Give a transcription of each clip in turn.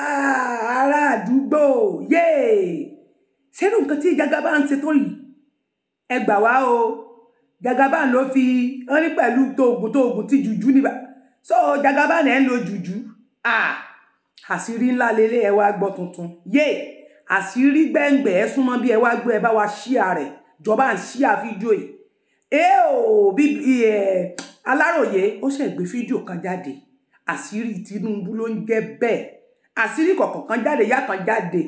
Ah, ará àdúgbò yéè sẹ́nu nǹkan tí jagaba ń ṣe yìí ẹ gbà wá o jagaba ló fi hàn ní pẹ̀lú tóògùn tóògùn tí jùjú níbà so jagaba ní ẹ ń lo jùjú àṣírí ńlá lélẹ̀ ẹ wá gbọ́ tuntun yéè àṣírí gbẹ̀ngbẹ̀ ẹ súnmọ́ bí ẹ wá gbọ́ ẹ bá wa ṣíà rẹ̀ jọba ń ṣíà fídíò yìí ẹ ò bí aláròye ó ṣe gbé fídíò kan jáde àṣírí Tinubu ló ń jẹ́ bẹ́ẹ̀ àṣírí kọ̀ọ̀kan kan jáde yàtàn jáde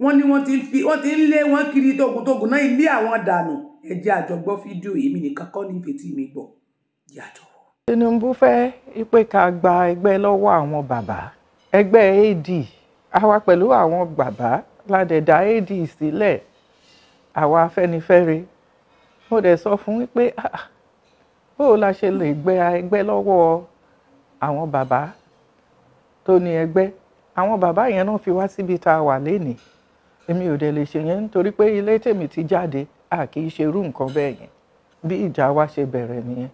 wọ́n ní wọ́n ti ń fi wọ́n ti ń lé wọ́n kiri tógun-tógun náà ilé àwọn dànù ẹ jẹ́ a jọ gbọ́ fídíò yìí mi nìkan kọ́ ní fetí mi gbọ́ yàtọ̀. Tinubu fẹ́ ipe ká gba ẹgbẹ́ lọ́wọ́ àwọn bàbá ẹgbẹ́ AD àwa pẹ̀lú àwọn bàbá ládẹ̀dá AD sílẹ̀ àwa Afẹ́nifẹ́re mo dẹ̀ sọ fún pé bó o la ṣe lè gbé ẹgbẹ́ lọ́wọ́ àwọn bàbá tó ní ẹgbẹ́ àwọn bàbá yẹn náà fi wá síbi tá a wà lénìí èmi ò dẹ̀ lè ṣe yẹn nítorí pé ilé tèmi ti jáde a kì í ṣerú nǹkan bẹ́ẹ̀ yẹn bí ìjà wa ṣe bẹ̀rẹ̀ nìyẹn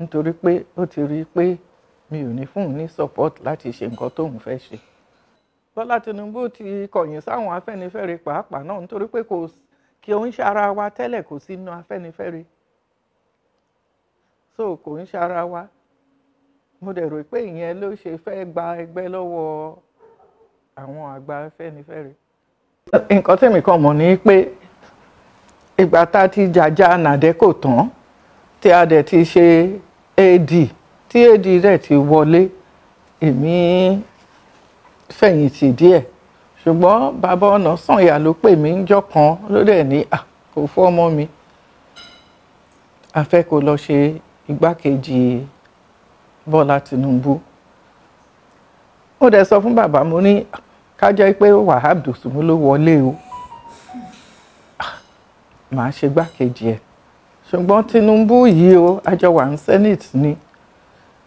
nítorí pé ó ti rí i pé mi ò ní fún un ní support láti ṣe nǹkan tóun fẹ́ ṣe. Bọ́lá Tinubu ti kọ̀yìn sáwọn Afẹ́nifẹ́re pàápàá náà nítorí pé kò kí òun ṣe ara wa tẹ́lẹ̀ kò sí inú Afẹ́nifẹ́re so kò ń ṣe ara wa mo dẹ̀ rò pé ìyẹn ló ṣe fẹ́ gba ẹgbẹ́ lọ́wọ́ àwọn àgbà fẹ́nifẹ́re. nǹkan tèmi kan mọ̀ ni pé ìgbà tá a ti jàjà nàdẹ́kò tán tí a dẹ̀ ti ṣe ad tí ad rẹ̀ ti wọlé èmi fẹ̀yìntì díẹ̀ ṣùgbọ́n bàbá ọ̀nà sànyà ló pè mí níjọ́ kan ló dẹ̀ ní à kò fọ́ ọmọ mi a fẹ́ kó lọ ṣe igbákejì Bọ́lá Tinubu ó dẹ̀ sọ fún bàbá mo ní ká jẹ́ pé Wahab Dosùnmú ló wọlé o ah, màá ṣe gbákejì ẹ̀ ṣùgbọ́n Tinubu yìí o àjọ wà ní senate ni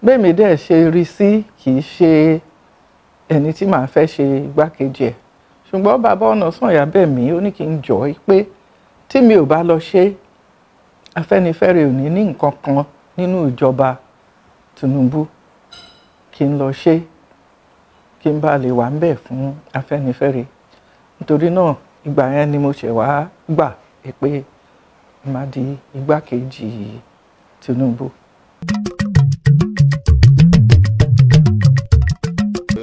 bẹ́ẹ̀mi dẹ̀ ṣe rí sí kì í ṣe ẹni tí màá fẹ́ ṣe gbákejì ẹ̀ ṣùgbọ́n bàbá ọ̀nà sànyà bẹ́ẹ̀ mí ó ní kí n jọ ẹ pé tí mi ò bá lọ ṣe Afẹ́nifẹ́re ò ní ní nǹkan kan nínú ìjọba Tinubu kí n lọ ṣe kí n bá lè wà ńbẹ̀ fún afẹ́nifẹ́re nítorí náà ìgbà yẹn ni mo ṣẹ̀ wá gbà pé má di igbákejì Tinubu.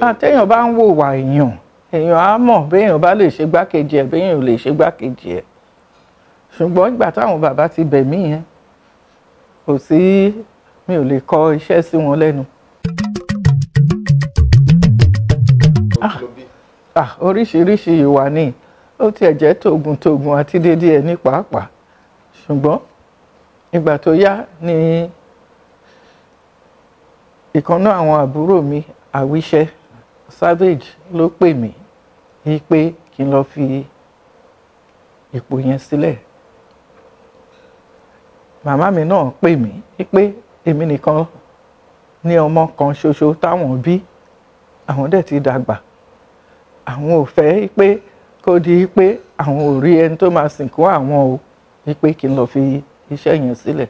àtẹ̀yàn bá ń wòwà èèyàn èèyàn á mọ̀ béèyàn bá lè ṣe gbákejì ẹ̀ béèyàn ò lè ṣe gbákejì ẹ̀ ṣùgbọ́n ìgbà táwọn bàbá ti bẹ̀ mí yẹn kò sí mi ò lè kọ iṣẹ́ sí wọn lẹ́nu oríṣiríṣi ìwà ni ó tiẹ̀ jẹ́ tògùn tògùn àti dédé ẹ̀ ní pàápàá ṣùgbọ́n ìgbà tó yá ni ìkànnà àwọn àbúrò mi àwíṣẹ́ savage ló pè mí wípé kí n lọ fi ipò yẹn sílẹ̀ màmá mi náà pè mí wípé èmi nìkan ní ọmọ kan ṣoṣo táwọn bí àwọn dẹ̀ ti dàgbà àwọn ò fẹ́ pé kó di pé àwọn ò rí ẹni tó máa sìnkú àwọn o wípé kí n lọ fi iṣẹ́ yẹn sílẹ̀.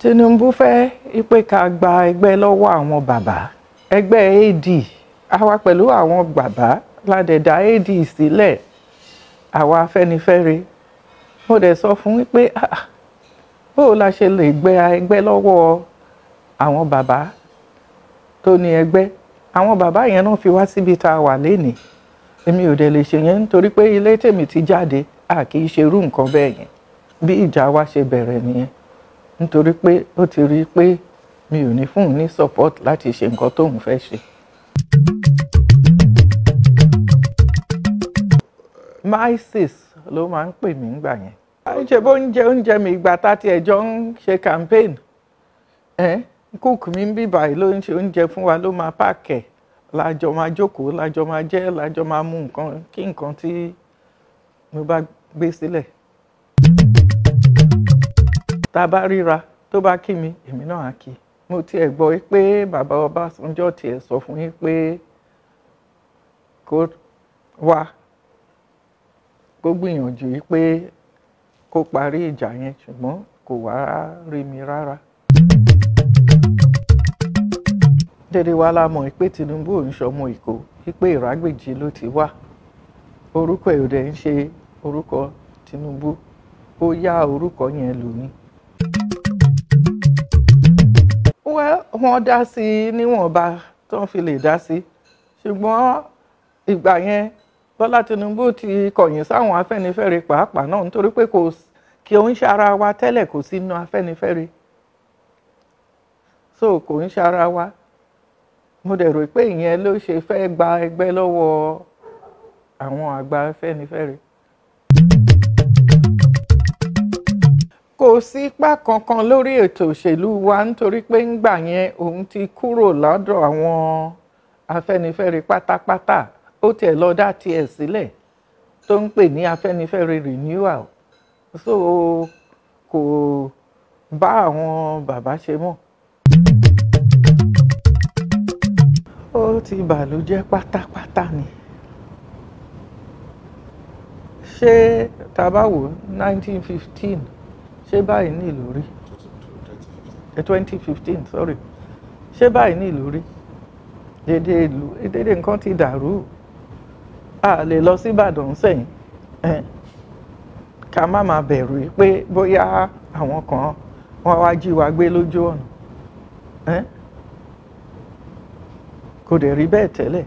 Tinubu fẹ́ pé ká gba ẹgbẹ́ lọ́wọ́ àwọn bàbá ẹgbẹ́ AD àwa pẹ̀lú àwọn bàbá ládẹ̀dá AD sílẹ̀ àwa Afẹ́nifẹ́re mo dẹ̀ sọ fún pé bó o la ṣe lè gbé ẹgbẹ́ lọ́wọ́ àwọn bàbá tó ní ẹgbẹ́ àwọn bàbá yẹn náà fi wá síbi tá a wà lénìí èmi ò dẹ̀ lè ṣe yẹn nítorí pé ilé tèmi ti jáde a kì í ṣerú nǹkan bẹ́ẹ̀ yẹn bí ìjà wa ṣe bẹ̀rẹ̀ nìyẹn nítorí pé ó ti rí i pé mi ò ní fún un ní support láti ṣe nǹkan tóun fẹ́ ṣe. mysis ló máa ń pè mí ngbà yẹn. oúnjẹ bó ń jẹ oúnjẹ mi ìgbà tá tiẹ̀ jọ ń ṣe campaign. Eh? kóòkù mi ń bí báyìí ló ń ṣe oúnjẹ fún wa ló máa páàkẹ̀ lájọ máa jókòó lájọ máa jẹ lájọ máa mú nǹkan kí nǹkan tí mo bá gbé sílẹ̀ tá a bá ríra tó bá kí mi èmi náà á kí mo tiẹ̀ gbọ́ pé bàbá Ọbásanjọ́ tiẹ̀ sọ fún yín pé kó wá kó gbìyànjú pé kó parí ìjà yẹn ṣùgbọ́n kò wá rí mi rárá. dédé wa la mọ̀ pé Tinubu ò ń sọmọ Èkó pé Ìrágbèjì ló ti wá orúkọ ẹ̀ ò dẹ̀ ń ṣe orúkọ Tinubu ó yá orúkọ yẹn lò ní. wọ́n dá sí i níwọ̀nba tó fi lè dá sí ṣùgbọ́n ìgbà yẹn Bọ́lá Tinubu ti kọ̀yìn sáwọn Afẹ́nifẹ́re pàápàá náà nítorí pé kò kí òun ṣe ara wa tẹ́lẹ̀ kò sínú Afẹ́nifẹ́re so kò ń ṣe ara wa mo dẹ̀ rò pé ìyẹn ló ṣe fẹ́ gba ẹgbẹ́ lọ́wọ́ àwọn àgbà Afẹ́nifẹ́re. kò sí ipá kankan lórí ètò òṣèlú wa nítorí pé ńgbà yẹn òun ti kúrò lọ́dọ̀ àwọn Afẹ́nifẹ́re pátápátá ó tiẹ̀ lọ dá tiẹ̀ sílẹ̀ tó ń pè ní Afẹ́nifẹ́re renewal so kò bá àwọn bàbá ṣe mọ́. àti ìbànújẹ́ pátápátá ni ṣé tá a bá 1915 ṣé báyìí ní ìlú rí 2015 eh, sorry ṣé báyìí ní ìlú rí dédé ìlú dédé nǹkan ti dàrú a lè lọ sí Ìbàdàn sẹ́yìn eh, ká má máa bẹ̀rù pé bóyá àwọn kan wọ́n wá jí wa gbé lójú ọ̀nà. Eh, kò dẹ̀ rí bẹ́ẹ̀ tẹ́lẹ̀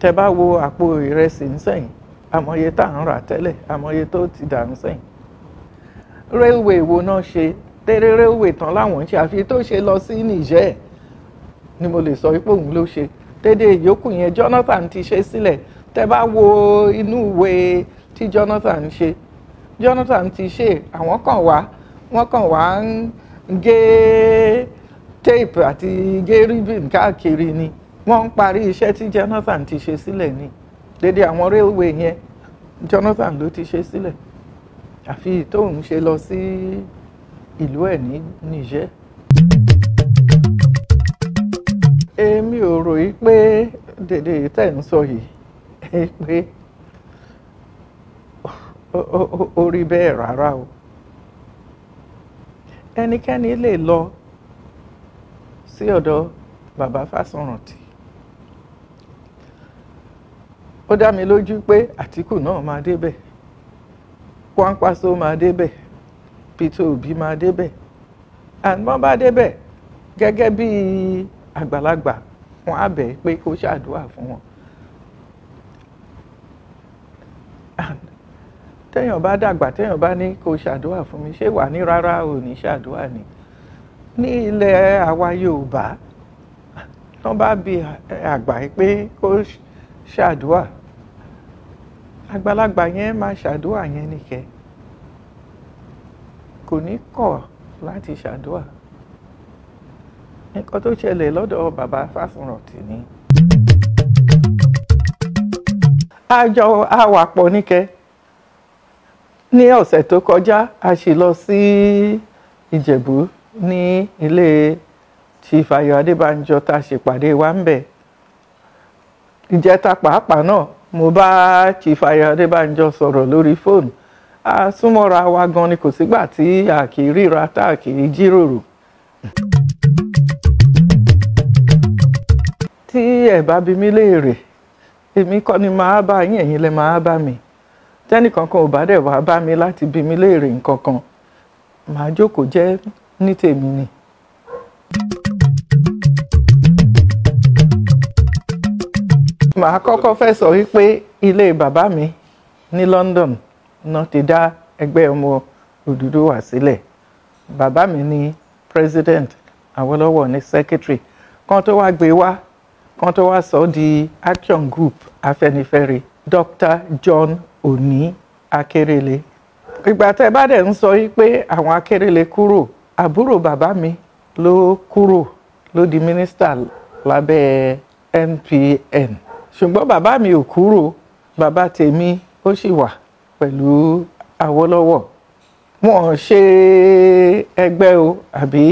tẹ́ bá wo àpò ìrẹsì nsẹ́yìn àmọye tá à ń rà tẹ́lẹ̀ àmọye tó ti dànù sẹ́yìn railway wo náà ṣe tẹ́rẹ́ railway tán láwọn ń ṣe àfi tó ṣe lọ sí Niger ni mo lè sọ pé òun ló ṣe dédé ìyókù yẹn Jonathan ti ṣe sílẹ̀ tẹ́ bá wo inú ìwé tí Jonathan ṣe Jonathan ti ṣe àwọn kan wá wọ́n kàn wá ń gé tape àti gé ribbon káàkiri ni wọ́n ń parí iṣẹ́ tí Jonathan ti ṣe sílẹ̀ ni dédé àwọn railway yẹn Jonathan ló ti ṣe sílẹ̀ àfi tóun ṣe lọ sí ìlú ẹ̀ ní Niger. èmi ò rò yí pé dèdè tẹ̀ ń sọ yìí pé ó rí bẹ́ẹ̀ rárá o ẹnikẹ́ni lè lọ sí ọ̀dọ̀ bàbá Fásọ̀rántì ó dá mi lójú pé àtìkù náà máa débẹ̀ kwankwaso máa débẹ̀ peter obi máa débẹ̀ and wọ́n bá débẹ̀ gẹ́gẹ́ bí àgbàlagbà wọn á bẹ̀ pé kó ṣàdúrà fún wọn. téèyàn bá dàgbà téèyàn bá ní kó ṣàdúrà fún mi ṣé wà ní rárá ò ní ṣàdúrà ni ní ilẹ̀ àwa Yorùbá tán bá bi àgbà pé kó ṣàdúrà àgbàlagbà yẹn máa ṣàdúrà yẹn nìkẹ́ kò ní kọ̀ láti ṣàdúrà nǹkan tó ṣẹlẹ̀ lọ́dọ̀ bàbá Fáṣùnrántì ni. àjọ awàpọ̀ nìkẹ́ ní ọ̀sẹ̀ tó kọjá a sì lọ sí Ìjẹ̀bú ní ilé Chief Ayọ̀ Adébánjọ tá a ṣèpàdé wa ń bẹ̀ ìjẹta pàápàá náà mo bá Chief Ayọ̀ Adébánjọ sọ̀rọ̀ lórí fóònù a súnmọ́ra wa gan ni kò sígbà tí a kì í ríra tá a kì í jíròrò. tí ẹ bá bi mí léèrè èmi kọ́ ni màá bá yín ẹ̀yin lẹ màá bá mi tẹ́nìkan kan ò bá dẹ̀ wá bá mi láti bi mí léèrè nǹkan kan màá jókòó jẹ́ ní tèmi ni. thank you màá kọ́kọ́ fẹ́ sọ wípé ilé bàbá mi ní London náà ti dá ẹgbẹ́ ọmọ Odùduwà sílẹ̀ bàbá mi ní president Awólọ́wọ̀ ní secretary kan tó wá gbé wá kan tó wá sọ di action group Afẹ́nifẹ́re Dr. John Oni Akérèlé ìgbà tẹ́ bá dẹ̀ ń sọ yìí pé àwọn Akérèlé kúrò àbúrò bàbá mi ló kúrò ló di mínísítà lábẹ́ NPN ṣùgbọ́n bàbá mi ò kúrò bàbá tèmi ó sì wà pẹ̀lú Awólọ́wọ̀ wọn ṣe ẹgbẹ́ o àbí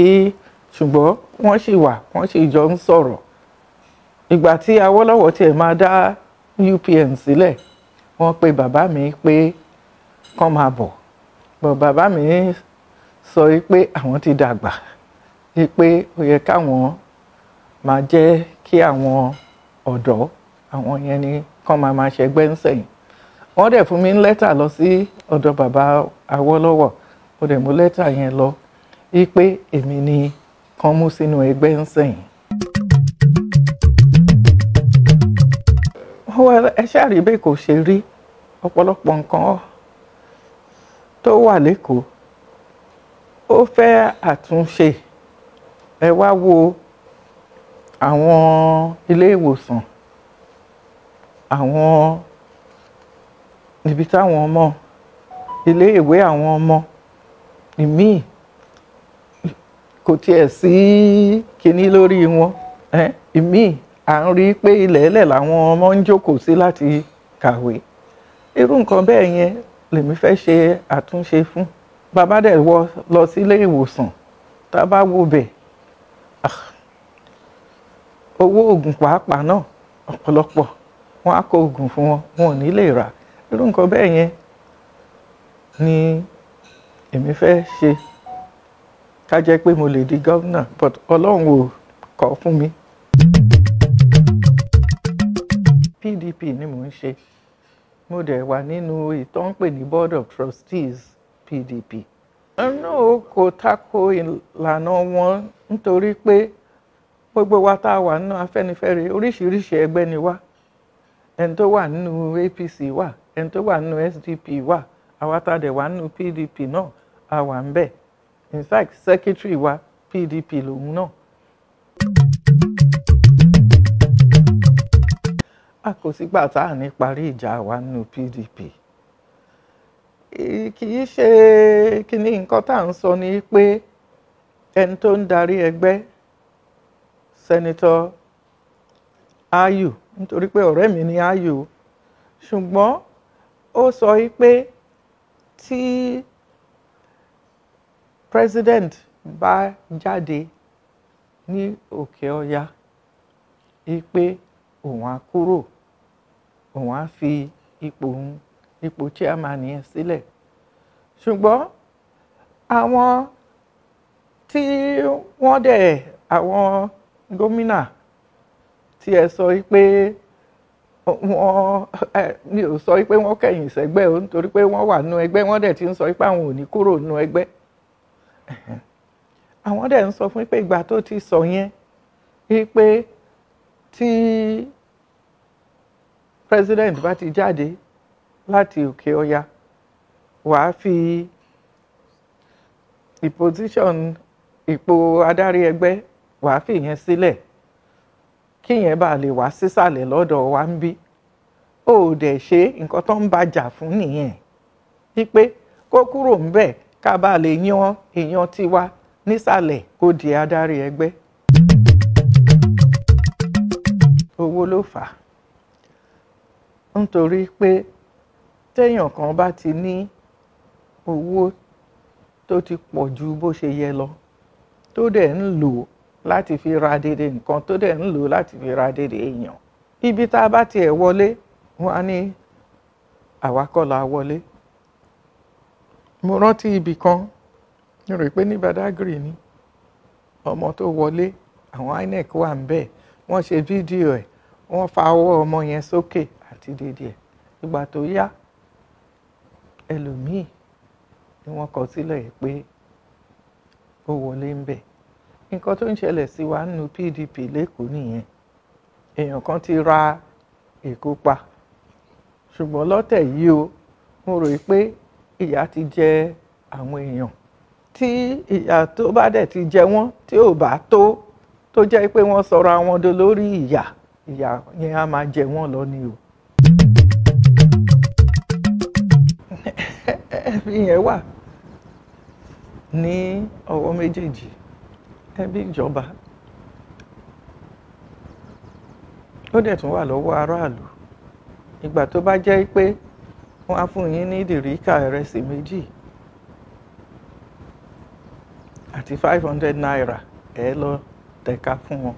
ṣùgbọ́n wọ́n sì wà wọ́n sì jọ ń sọ̀rọ̀ ìgbà tí Awólọ́wọ̀ tiẹ̀ máa dá UPN sílẹ̀ wọ́n pe bàbá mi pé kán máa bọ̀ bọ̀ bàbá mi sọ pé àwọn ti dàgbà pé ó yẹ káwọn máa jẹ́ kí àwọn ọ̀dọ́ àwọn yẹn ni kán máa máa ṣẹgbẹ́ ń sẹ̀yìn wọ́n dẹ̀ fún mi lẹ́tà lọ sí ọ̀dọ̀ bàbá Awólọ́wọ̀ mo dẹ̀ mú lẹ́tà yẹn lọ wípé èmi ni kán mú sínú ẹgbẹ́ ń sẹ̀yìn. ẹ ṣáàrí bẹ́ẹ̀ kò ṣe rí ọ̀pọ̀lọpọ̀ nǹkan tó wà lẹ́kọ̀ọ́ ó fẹ́ àtúnṣe ẹ wá wo àwọn ilé ìwòsàn àwọn ibi táwọn ọmọ iléèwé àwọn ọmọ ìmíì kò tiẹ̀ sí kinní lórí wọn ìmíì à ń rí i pé ilẹ̀ ẹlẹ̀ làwọn ọmọ ń jókòó sí láti kàwé irú nǹkan bẹ́ẹ̀ yẹn lèmi fẹ́ ṣe àtúnṣe fún bàbá dẹ̀ wọ lọ sílé ìwòsàn tá a bá wo bẹ̀ ah, owó oògùn pàápàá náà ọ̀pọ̀lọpọ̀ wọn á kó oògùn fún wọn wọn ò ní lè rà irú nǹkan bẹ́ẹ̀ yẹn ni èmi fẹ́ ṣe ká jẹ́ pé mo lè di gómìnà but ọlọ́run ò kọ́ fún mi. PDP ni mò ń ṣe mo dẹ̀ wà nínú ìtọ́ ń pè ní board of trustees PDP. ẹnu kò tako ìlànà wọn nítorí pé gbogbo wa tá a wà nínú Afẹ́nifẹ́re oríṣiríṣi ẹgbẹ́ ni wá. ẹni tó wà nínú APC wà ẹni tó wà nínú SDP wà àwa tá wà nínú PDP náà a wà ń bẹ̀ in fact secretary wa PDP lòun náà. a kò sígbà tá à ní parí ìjà wa nínú PDP kì í ṣe kíní nǹkan tá à ń sọ ni pé ẹni tó ń darí ẹgbẹ́ sẹ́nitọ́ ayù nítorí pé ọ̀rẹ́ mi ni ayù ṣùgbọ́n ó sọ pé tí president bá jáde ní òkè ọya pé òun á kúrò òun á fi ipò òun ipò chairman yẹn sílẹ̀ ṣùgbọ́n àwọn tí wọ́n dẹ̀ àwọn gómìnà tí ẹ sọ pé wọ́n mi ò sọ pé wọ́n kẹ̀yìn sẹ́gbẹ́ o nítorí pé wọ́n wà nù ẹgbẹ́ wọ́n dẹ̀ ti ń sọ pé àwọn ò ní kúrò nù ẹgbẹ́ àwọn dẹ̀ ń sọ fún pé ìgbà tó ti sọ yẹn pé tí president bá ti jáde láti òkè ọya wàá fi the position ipò adarí ẹgbẹ́ wàá fi yẹn sílẹ̀. Si kíyẹn bá lè wá sísàlẹ̀ lọ́dọ̀ wa ń bí ó dẹ̀ ṣe nǹkan tó ń bàjà fún nìyẹn wípé kó kúrò ń bẹ̀ ká bá lè yan èèyàn tiwa nísàlẹ̀ kó di adarí ẹgbẹ́ owó ló fà á nítorí pé téèyàn kan bá ti ní owó tó ti pọ̀ ju bó ṣe yẹ lọ tó dẹ̀ ń lò ó láti fi ra dédé nǹkan tó dẹ̀ ń lò láti fi ra dédé èèyàn ibi tá a bá tiẹ̀ wọlé wọn á ní àwa kọ́ la wọlé mo rántí ibì kan mo rò pé ní Badagry ni ọmọ tó wọlé àwọn INEC wà ń bẹ̀ wọ́n ṣe fídíò ẹ̀ wọ́n fa ọwọ́ ọmọ yẹn sókè àti dédé ẹ̀ ìgbà tó yá ẹlòmíì ni wọ́n kọ sílẹ̀ pé ó wọlé ń bẹ̀ nǹkan tó ń ṣẹlẹ̀ sí wa nínú PDP lẹ́kọ̀ọ́ nìyẹn èèyàn kan ti ra Èkó pa ṣùgbọ́n lọ́tẹ̀ yìí o mo rò pé ìyà ti jẹ àwọn èèyàn tí ìyà tó bá dẹ̀ ti jẹ wọ́n tí ò bá tó tó jẹ́ pé wọ́n sọra wọn do lórí ìyà ìyà yẹn á máa jẹ wọ́n lọ ni o. ẹ̀rí yẹn wà ní ọwọ́ méjèèjì ẹbí ìjọba ó dẹ̀ tún wà lọ́wọ́ aráàlú ìgbà tó bá jẹ́ pé wọ́n á fún yín ní dìríkà ìrẹsì méjì àti five hundred naira ẹ lọ tẹ̀ka fún wọn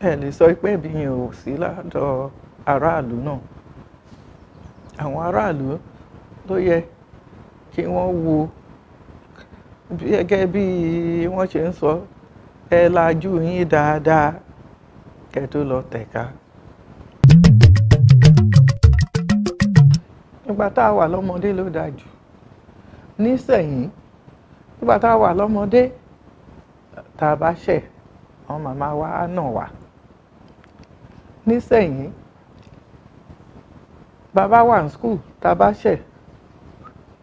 ẹ lè sọ pé ẹ̀bi yẹn ò sí ládọ̀ aráàlú náà àwọn aráàlú ló yẹ kí wọ́n wo gẹ́gẹ́ bí wọ́n ṣe ń sọ ẹ lajú yín dáadáa kẹ́ tó lọ tẹ̀ka. nígbà tá a wà lọ́mọdé ló dáa jù nísẹ̀yìn nígbà tá a wà lọ́mọdé tá a bá ṣẹ̀ àwọn màmá wa á nà wá nísẹ̀yìn bàbá wà ní skul tá a bá ṣẹ̀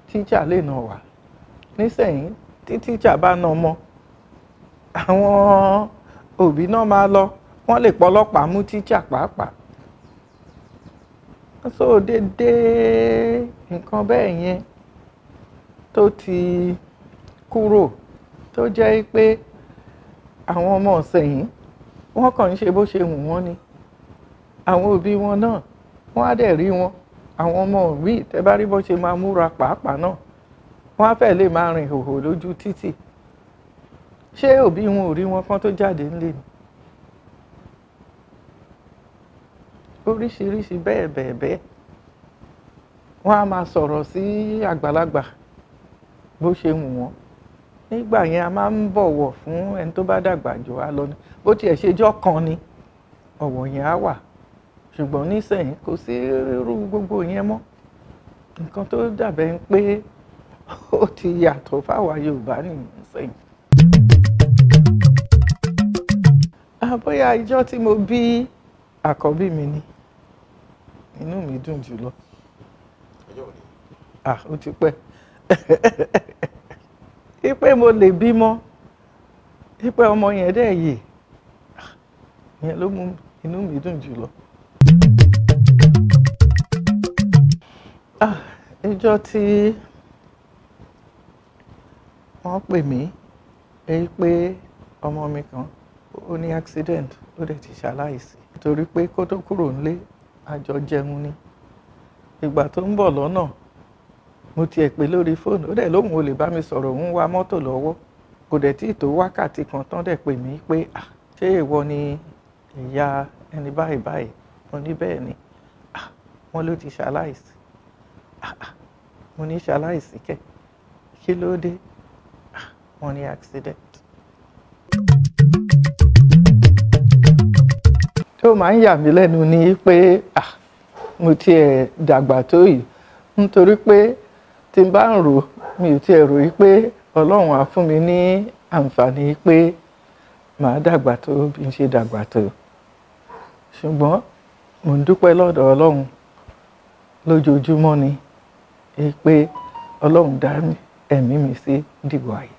tíjà lè nà wá nísẹ̀yìn tí tíjà bá na ọmọ àwọn òbí náà máa lọ wọ́n lè pọlọ́pàá mú tíjà pàápàá so déédéé nǹkan bẹ́ẹ̀ yẹn tó ti kúrò tó jẹ́ pé àwọn ọmọ ọ̀sẹ̀ yìí wọ́n kàn ń ṣe bó ṣe wù wọ́n ni àwọn òbí wọn náà wọ́n á dẹ̀ rí wọn àwọn ọmọ òbí tẹ́ bá rí bó ṣe máa múra pàápàá náà wọ́n á fẹ́ lè máa rìn hòhò lójú títì ṣé òbí wọn ò rí wọn fọ́n tó jáde ńlé ni oríṣiríṣi bẹ́ẹ̀ bẹ́ẹ̀ bẹ́ẹ̀ wọ́n á máa sọ̀rọ̀ sí àgbàlagbà bó ṣe wù wọ́n nígbà yẹn a máa ń bọ̀wọ̀ fún ẹni tó bá dàgbà jù wá lọ ni bó tiẹ̀ ṣe jọ́ kan ni ọ̀wọ̀ yẹn á wà ṣùgbọ́n nísìnyí kò sí irú gbogbo yẹn mọ́ nǹkan tó dàbẹ̀ ń pé ó ti yàtọ̀ fáwa Yorùbá nìyẹn bóyá ìjọ tí mo bí àkọ́bí mi ni inú mi dùn jùlọ ah ó ti pẹ́ ipe mo lè bímọ ipe ọmọ yẹn dẹ̀ yè yẹn ló mú inú mi dùn jùlọ. ah ìjọ tí. Ti wọ́n pè mí èyí pé ọmọ mi kan ó ní accident ó dẹ̀ ti ṣaláìsí torí pé kó tó kúrò nílé àjọ jẹun ni ìgbà tó ń bọ̀ lọ́nà mo tiẹ̀ pè lórí fóònù ó dẹ̀ lóhùn ó lè bá mi sọ̀rọ̀ òun wá mọ́tò lọ́wọ́ kò dẹ̀ tí tó wákàtí kan tán dẹ̀ pè mí pé ah ṣé ìwọ ni ìyá ẹni báyìí báyìí mo ní bẹ́ẹ̀ ni ah wọ́n ló ti ṣaláìsí ah mo ní ṣaláìsí kẹ̀ kí ló dé upon accident. tó máa ń yà mí lẹ́nu ni pé mo tiẹ̀ dàgbà tó yìí nítorí pé tí n bá ń rò mi ò tiẹ̀ rò yìí pé ọlọ́run á fún mi ní àǹfààní pé màá dàgbà tó bí n ṣe dàgbà tó ṣùgbọ́n mò ń dúpẹ́ lọ́dọ̀ ọlọ́run lójoojúmọ́ ni pé ọlọ́run dá ẹ̀mí mi sí dìgbò àyè.